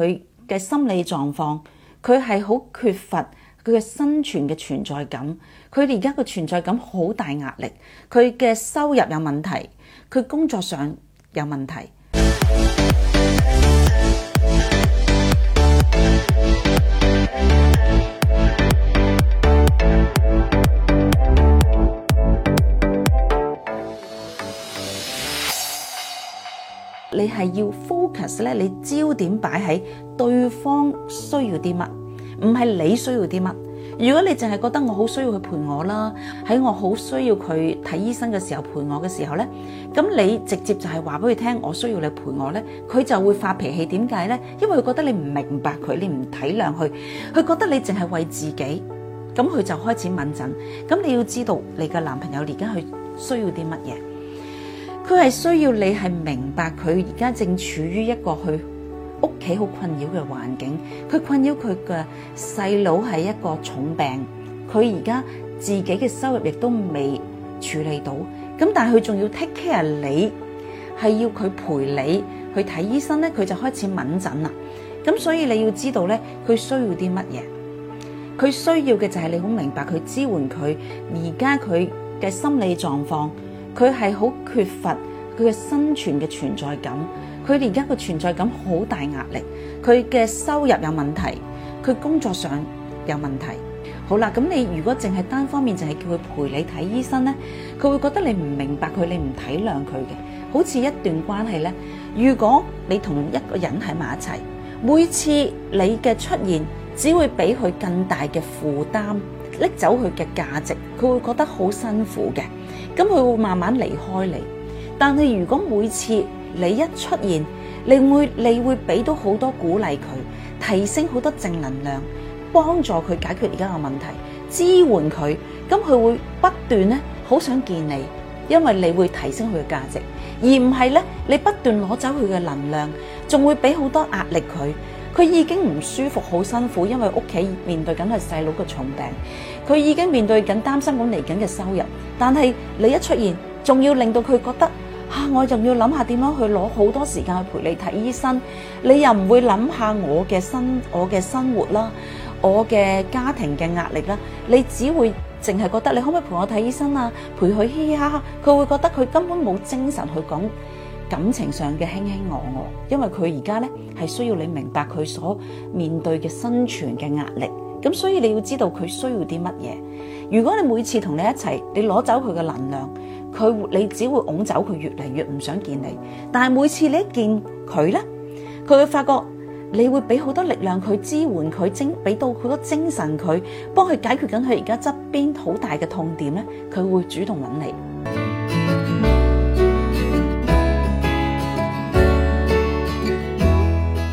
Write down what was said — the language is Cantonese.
佢嘅心理狀況，佢係好缺乏佢嘅生存嘅存在感，佢哋而家嘅存在感好大壓力，佢嘅收入有問題，佢工作上有問題。你係要 focus 咧，你焦點擺喺對方需要啲乜，唔係你需要啲乜。如果你淨係覺得我好需要佢陪我啦，喺我好需要佢睇醫生嘅時候陪我嘅時候咧，咁你直接就係話俾佢聽我需要你陪我咧，佢就會發脾氣。點解咧？因為佢覺得你唔明白佢，你唔體諒佢，佢覺得你淨係為自己，咁佢就開始敏感。咁你要知道你嘅男朋友而家佢需要啲乜嘢。佢係需要你係明白佢而家正處於一個佢屋企好困擾嘅環境，佢困擾佢嘅細佬係一個重病，佢而家自己嘅收入亦都未處理到，咁但係佢仲要 take care 你，係要佢陪你去睇醫生咧，佢就開始敏感啦，咁所以你要知道咧，佢需要啲乜嘢，佢需要嘅就係你好明白佢，支援佢而家佢嘅心理狀況。佢係好缺乏佢嘅生存嘅存在感，佢而家嘅存在感好大壓力，佢嘅收入有問題，佢工作上有問題。好啦，咁你如果淨係單方面淨係叫佢陪你睇醫生呢，佢會覺得你唔明白佢，你唔體諒佢嘅。好似一段關係呢，如果你同一個人喺埋一齊，每次你嘅出現只會俾佢更大嘅負擔。拎走佢嘅價值，佢會覺得好辛苦嘅，咁佢會慢慢離開你。但係如果每次你一出現，你會你會俾到好多鼓勵佢，提升好多正能量，幫助佢解決而家嘅問題，支援佢，咁佢會不斷咧好想見你，因為你會提升佢嘅價值，而唔係咧你不斷攞走佢嘅能量，仲會俾好多壓力佢。佢已經唔舒服，好辛苦，因為屋企面對緊係細佬嘅重病。佢已經面對緊擔心咁嚟緊嘅收入，但係你一出現，仲要令到佢覺得吓、啊，我仲要諗下點樣去攞好多時間去陪你睇醫生。你又唔會諗下我嘅生我嘅生活啦，我嘅家庭嘅壓力啦。你只會淨係覺得你可唔可以陪我睇醫生啊？陪佢嘻嘻哈哈，佢會覺得佢根本冇精神去講。感情上嘅卿卿我我，因為佢而家咧，係需要你明白佢所面對嘅生存嘅壓力，咁所以你要知道佢需要啲乜嘢。如果你每次同你一齊，你攞走佢嘅能量，佢你只會拱走佢，越嚟越唔想見你。但係每次你一見佢咧，佢會發覺你會俾好多力量佢，支援佢精，俾到好多精神佢，幫佢解決緊佢而家側邊好大嘅痛點咧，佢會主動揾你。